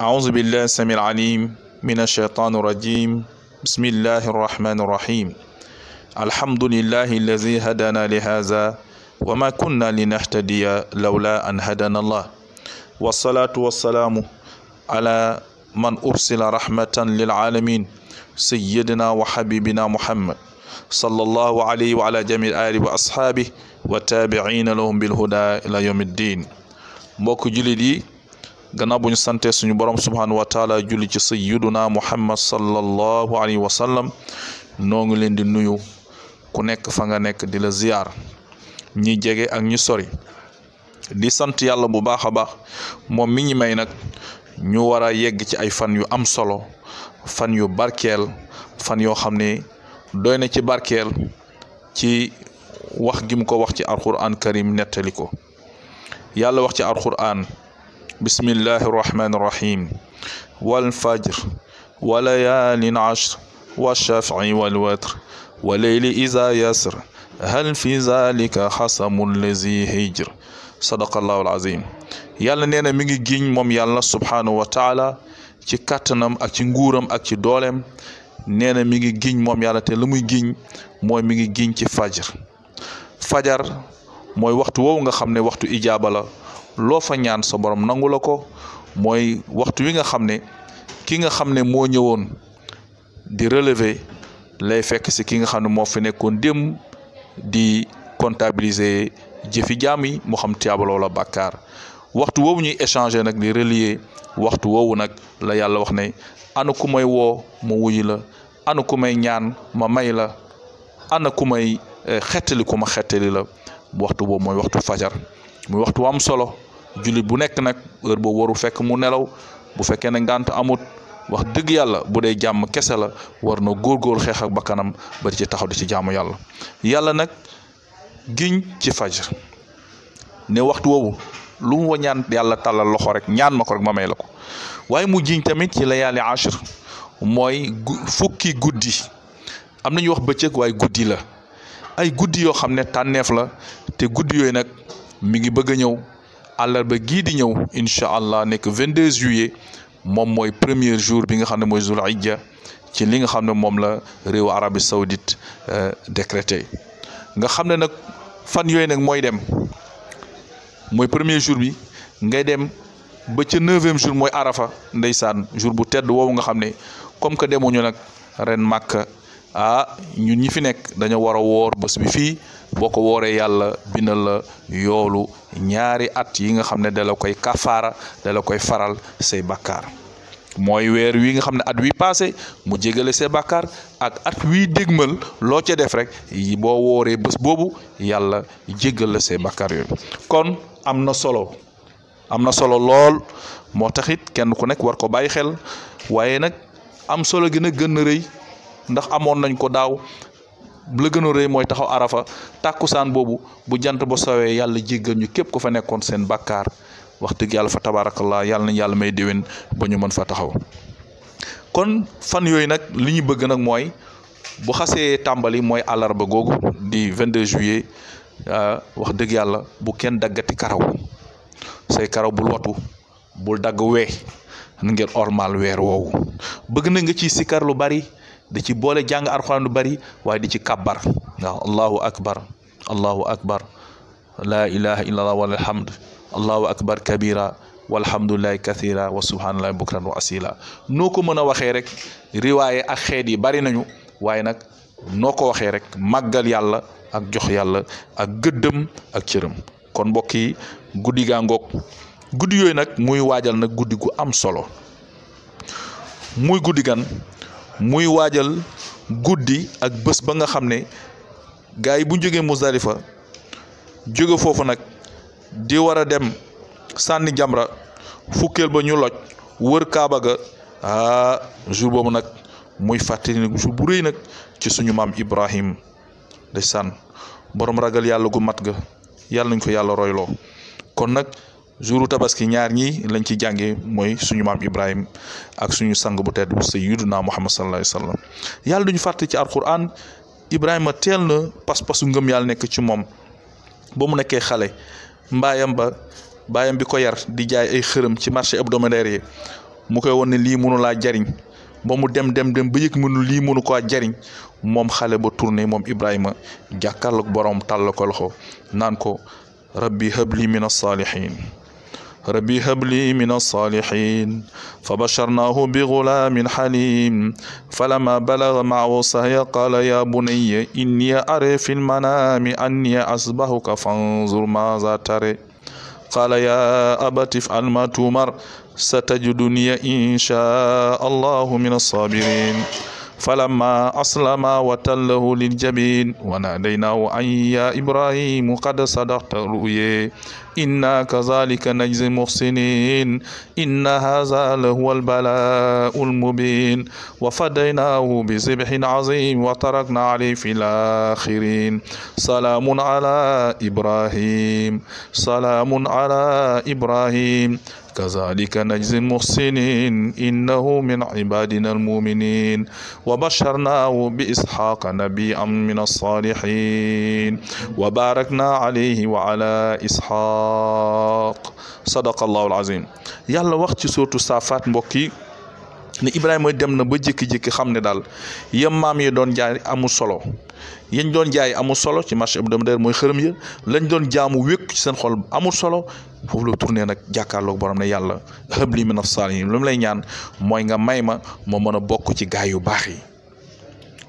أعوذ بالله السميع العليم من الشيطان الرجيم بسم الله الرحمن الرحيم الحمد لله الذي هدانا لهذا وما كنا لنهتدي لولا أن هدانا الله والصلاة والسلام على من أرسل رحمة للعالمين سيدنا وحبيبنا محمد صلى الله عليه وعلى جميع آله وأصحابه وتابعين لهم بالهدى إلى يوم الدين موكو جلدي gannaaw bu ñu santee suñu borom subhaanahu wa taala julli ci sayyiduna muhammad sallallahu alayhi wa sallam noo ngi leen di nuyu ku nekk fa nga nekk di la ziyaar ñi jege ak ñi sori di sant yàlla bu baax a baax moom mi ñi may nag ñu war a yegg ci ay fan yu am solo fan yu barkeel fan yoo xam ne doy na ci barkeel ci wax gi mu ko wax ci alquran karim nettali ko yàlla wax ci alquran بسم الله الرحمن الرحيم والفجر وليال عشر والشفع والوتر وليل إذا يسر هل في ذلك حسم الذي هجر صدق الله العظيم يالا نينا ميغي جين موم يالا سبحانه وتعالى كي كاتنم ak ci nguuram ak ci dolem neena mi ngi giñ mom yalla te lamuy giñ moy mi ngi giñ ci fajar fajar moy waxtu loo fa ñaan sa borom nangu la ko mooy waxtu wi nga xam ne ki nga xam ne moo ñëwoon di relever lay fekk si ki nga xam ne moo fi nekkoon démb di comptabiliser jëfi jaam yi moo xam tiyaaba loola bàkkaar waxtu woowu ñuy échangé nag di relier waxtu woowu nag la yàlla wax ne ana ku may woo ma wuyu la ana ku may ñaan ma may la ana ku may eh, xettali ku ma xettali la waxtu boobu mooy waxtu fajar muy waxtu am solo julit bu nek nak heure bo waru fek mu nelaw bu fekkee ne amut wax deug yalla budé jam kessa la warno gor gor xex ak bakanam ba ci taxaw ci jaamu yalla yalla nak giñ ci fajr ne waxtu wowo lu mu wañan yalla talal loxo rek ñaan mako rek ma may la mu giñ tamit ci layali ashr moy fukki guddi amna ñu wax beccëk waye guddi la ay guddi yo xamne tanef la te guddi yooyu nak mi ngi bëgg ñew àllarba gii di ñëw incha allah nekk 22 juillet moom mooy premier jour bi nga xam ne mooy zul hijja ci li nga xam ne moom la réew réewu Arabie Saoudite euh, décrété nga xam ne nag fan yooyu nag mooy dem mooy premier jour bi ngay dem ba ca neuvième jour mooy arafa ndeysaan jour bu tedd woowu nga xam ne comme que demoñu nag ren màkk ah ñun ñi fi nekk dañoo war a woor bés bi fii boo ko wooree yàlla bina la yoolu ñaari at yi nga xam ne dala koy kafaara dala koy faral say bakkaar mooy weer wii nga xam ne at wi passé mu jégale say bakkaar ak at wi dégmal loo ca def rek boo wooree bés boobu yàlla jégal la say bakkaar yooyu kon am na solo am na solo lool moo taxit kenn ku nekk war ko bàyyi xel waaye nag am solo gën a gën a rëy ndax amoon nañ ko daaw bu la gën a rëy mooy taxaw arafa tàkkusaan boobu bu jant ba sowee yàlla jéggal ñu képp ku fa nekkoon seen bàkkaar wax dëgg yàlla fa tabaarakallah yàlla nañ yàlla may déwén ba ñu mën fa taxaw kon fan yooyu nag li ñu bëgg nag mooy bu xasee tàmbali mooy àllarba googu di 22 juillet euh, wax dëgg yàlla bu kenn daggati karaw say karaw bul watu bul dagg wee ngir ormal weer woowu bëgg na nga ci sikar lu bari. di ci boole jàng arxuraan lu bari waaye di ci kabbar waaw allahu akbar allahu akbar laa ilaha illa allah wala alhamd allahu akbar kabira walhamdulilahi kathira wa subhanallahi bukran wa asila noo ko mën a waxee rek riwaaye ak xeet yi bari nañu waaye nag noo ko waxee rek màggal yàlla ak jox yàlla ak gëddëm ak cëram kon mbokk yi guddi ngoog guddi yooyu nag muy waajal na guddi gu am solo muy guddi gan muy waajal guddi ak bés ba nga xam ne gars yi bu jógee Musdalifa jóge foofu nag di war a dem sànni jamra fukkeel ba ñu loj wër Kaaba ga ah jour boobu nag muy fàttali nag jour bu rëy nag ci suñu maam Ibrahim de sànn boroom ragal yàlla gu mat ga yàlla nañ ko yàlla royloo kon nag. jouru tabaski ñaar ñi lañ ci jàngee mooy suñu maam Ibrahim ak suñu sang bu tedd bu sayyiduna Muhammad sallallahu alayhi wa sallam yàlla duñu fàtte ci alquran Ibrahima teel na pas-pasu ngëm yàlla nekk ci moom ba mu nekkee xale mbaayam ba baayam bi ko yar di jaay ay xërëm ci marché hebdomadaire yi mu koy wone lii mënu jariñ ba mu dem dem dem ba yëg mënul lii mënu ko jariñ moom xale ba tourné moom Ibrahima jàkkaarloog borom tàll ko loxo naan ko rabbi habli min as-salihin رب هب لي من الصالحين فبشرناه بغلام حليم فلما بلغ معه سهي قال يا بني إني أرى في المنام أني أصبحك فانظر ماذا ترى قال يا أبت افعل ما تؤمر ستجدني إن شاء الله من الصابرين فلما أسلم وتله للجبين وناديناه أن يا إبراهيم قد صدقت رؤيا إنا كذلك نجزي المحسنين إن هذا لهو البلاء المبين وفديناه بذبح عظيم وتركنا عليه في الآخرين سلام على إبراهيم سلام على إبراهيم كذلك نجزي المحسنين إنه من عبادنا المؤمنين وبشرناه بإسحاق نبيا من الصالحين وباركنا عليه وعلى إسحاق صدق الله العظيم يلا وقت سورة الصافات مبكي ne Ibrahima dem na ba jékki-jékki xam ne daal yem maam yi doon jaay amul solo yañ doon jaay amul solo ci marché hebdomadaire mooy xërëm ya lañ doon jaamu wékk ci seen amul solo foofu la tourné nag jàkkaarloog borom ne yàlla lii li min as-saalihiin lu mu lay ñaan mooy nga may ma ma mën a bokk ci gaa yu baax yi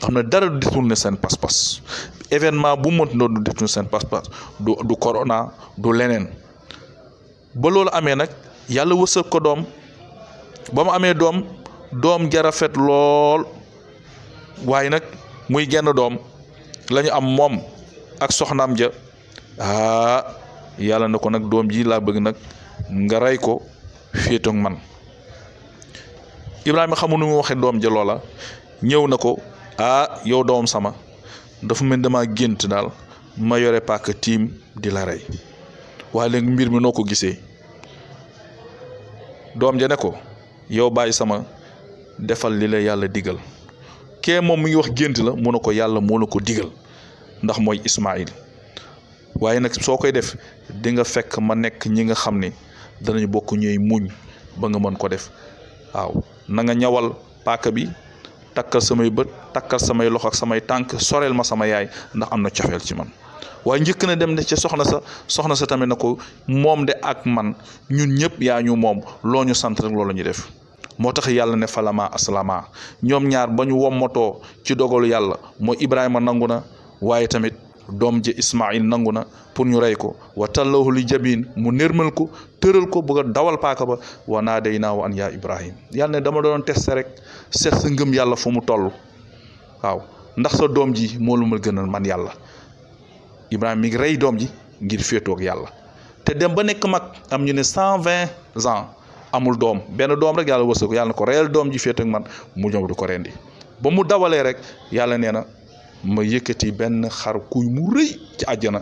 xam ne dara du détourné seen pas-pas événement bu mënti doon du détourné seen pas-pas du du corona du leneen ba loolu amee nag yàlla wësal ko doom ba mu amee doom. doom ja rafet lool waaye nag muy genn doom lañu am moom ak soxnaam ja ah yàlla na ko nag doom ji laa bëgg nag nga rey ko féetoog man Ibrahima xamu nu mu waxee doom ja loola ñëw na ko ah yow doom sama dafa mel dama gént daal ma yore paaka tiim di la rey waaye léegi mbir mi noo ko gisee doom ja ne ko yow bàyyi sama defal li la yàlla digal kee moom mu ngi wax gént la mu ne ko yàlla moo la ko digal ndax mooy Ismaïl waaye nag soo koy def dinga fekk ma nekk ñi nga xam ne danañ bokk ñuy muuñ ba nga mën ko def waaw na nga ñawal paaka bi takkal samay bët takkal samay loxo ak samay tànk soreel ma sama yaay ndax am na cofeel ci man waaye njëkk na dem ne ca soxna sa soxna sa tamit na ko moom de ak man ñun ñëpp yaa ñu moom loo ñu sant rek loolu la ñuy def moo tax yàlla ne falama aslama ñoom ñaar ba ñu motoo ci dogalu yàlla mooy Ibrahima nangu na waaye tamit doom ji Ismaïl nangu na pour ñu rey ko wa tallahu li jabin mu nërmal ko tëral ko bëgg a dawal paaka ba wa naa day naaw an yaa Ibrahim yàlla ne dama doon tester rek seet sa ngëm yàlla foo mu toll waaw ndax sa doom ji moo lu ma gënal man yàlla Ibrahima mi ngi rey doom ji ngir féetoo yàlla te dem ba nekk mag am ñu ne cent vingt ans. amul doom benn doom rek yàlla wërsëg yàlla na ko reyal doom ji féete ak man mu ñëw du ko rendi ba mu dawalee rek yàlla nee na ma yëkkati benn xar kuy mu rëy ci àjjana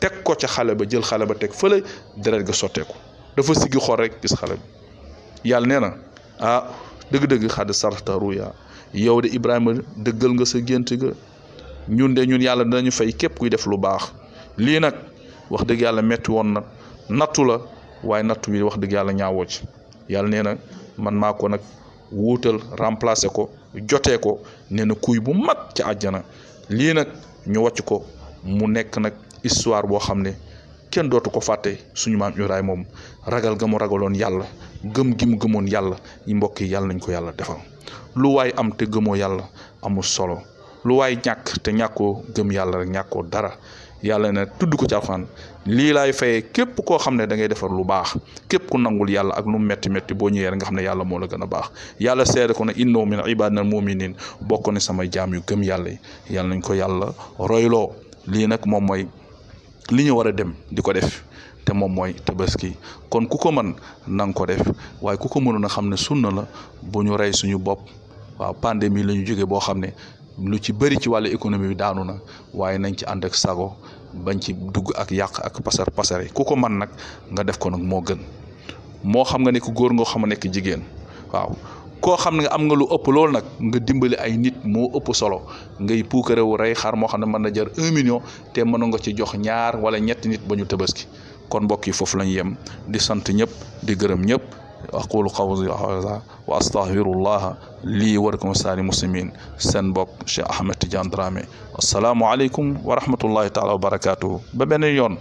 teg ko ca xale ba jël xale ba teg fële deret ga sotteeku dafa siggi xor rek gis xale bi yàlla nee na ah dëgg-dëgg xadd sarta ruya yow de Ibrahima dëggal nga sa gént ga ñun de ñun yàlla dina ñu fay képp kuy def lu baax lii nag wax dëgg yàlla metti woon nattu la waaye nattu bi wax dëgg yàlla ñaawoo ci yàlla nee na man maa ko nag wuutal remplacé ko jotee ko nee na kuy bu mag ca àjjana lii nag ñu wacc ko mu nekk nag histoire boo xam ne kenn dootu ko fàtte suñu maam Ibrahima moom ragal ga mu ragaloon yàlla gëm gi mu gëmoon yàlla mbokk yi yàlla nañ ko yàlla defal lu waay am te gëmoo yàlla amul solo lu waay ñàkk te ñàkkoo gëm yàlla rek ñàkkoo dara yàlla na tudd ko ci lii laay fayee képp koo xam ne da ngay defar lu baax képp ku nangul yàlla ak lu métti métti boo ñëwee nga xam ne yàlla moo la gën a baax yàlla seede ko ne innahu min ibadina muminin bokk ne samay jaam yu gëm yàlla yi yàlla nañ ko yàlla royloo lii nag moom mooy li ñu war a dem di ko def te moom mooy tabaski kon ku ko mën nang ko def waaye ku ko mënoon a xam ne sunna la bu ñu rey suñu bopp waaw pandémie la ñu jógee boo xam ne lu ci bëri ci wàllu économie bi daanu na waaye nañ ci ànd ak sago bañ ci dugg ak yàq ak pasar pasare ku ko man nag nga def ko nag moo gën moo xam nga nekk góor ngoo xam a nekk jigéen waaw koo xam ne nga am nga lu ëpp loolu nag nga dimbali ay nit moo ëpp solo ngay puukarewu rey xar moo xam ne mën na jar un million te mën nga ci jox ñaar wala ñetti nit ba ñu tëbaski kon mbokk yi foofu lañu yem di sant ñëpp di gërëm ñëpp. أقول قولي هذا وأستغفر الله لي ولكم سائر المسلمين سن شيخ أحمد تجان درامي السلام عليكم ورحمة الله تعالى وبركاته ببنيون